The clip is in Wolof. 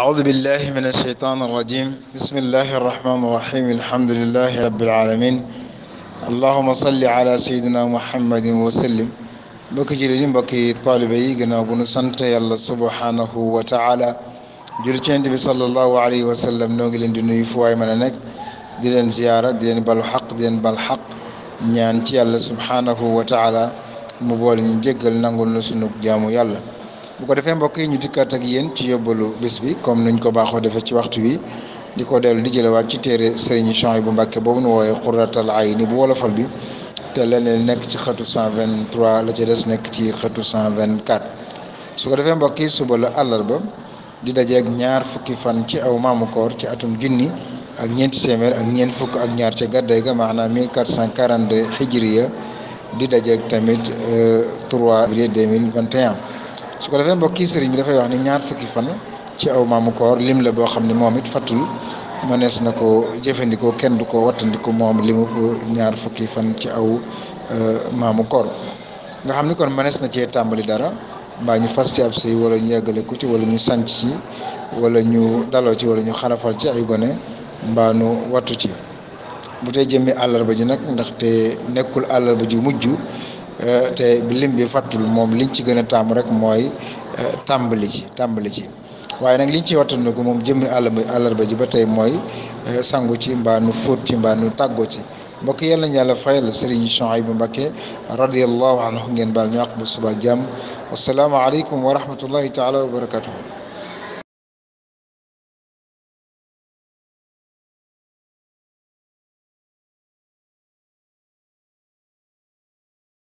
أعوذ بالله من الشيطان الرجيم بسم الله الرحمن الرحيم الحمد لله رب العالمين اللهم صل على سيدنا محمد وسلم بكجر جنبك طالبي جنابون سنت يلا سبحانه وتعالى جرتين تبي صلى الله عليه وسلم نقول إن دنيا فواي مننك دين زيارة دين بالحق دين بالحق نيان تي الله سبحانه وتعالى مبول نجعل نقول نسنك جامو يلا bu ko defee mbokk yi ñu dikkaat ak yéen ci yóbbalu bis bi comme nuñ ko baaxoo defee ci waxtu wi di ko dellu di jëlewaat ci téere Serigne bu Mbacké boobu nu wooyee ay ni bu wolofal bi te leneen nekk ci xëtu 123 la ci des nekk ci xëtu 124 su ko defee mbokk yi suba la àllarba di dajeeg ñaar fukki fan ci aw maamu koor ci atum junni ak ñeenti téeméer ak ñeent fukk ak ñaar ca gàdday ga maanaam 1442 hijriya di dajeeg tamit 3 euh, février 2021 su ko defee mbokk yi mi dafay wax ni ñaar fukki fan ci aw maamu koor lim la boo xam ne moom it fattul mënees na ko jëfandikoo kenn du ko wattandiku moom limu ñaar fukki fan ci aw euh, maamu koor nga xam ni kon mënees na cee tàmbali dara mbaa ñu fas ci ab sëy wala ñu yeggale ko ci wala ñu sanc ci wala ñu daloo ci wala ñu xarafal ci ay gone mbaa nu wattu ci bu dee jëmmi àllarba ji nag ndaxte nekkul àllarba ji mujj Euh, te lim bi fàttul moom liñ ci gën a taamu rek mooy euh, tàmbali ci tàmbali ci waaye nag liñ ci wattandiku moom jëmmi àllarba ji ba tey mooy euh, sangu ci mbanu fóot ci mbaa nu tàggoo ci mbokk yàlla na yàlla fayal sëriñ bu Mbacké radiyallahu anhu ngeen baal ñu àq bu suba jàmm wasalaamu aleykum wa rahmatullahi taala wa barakatuhu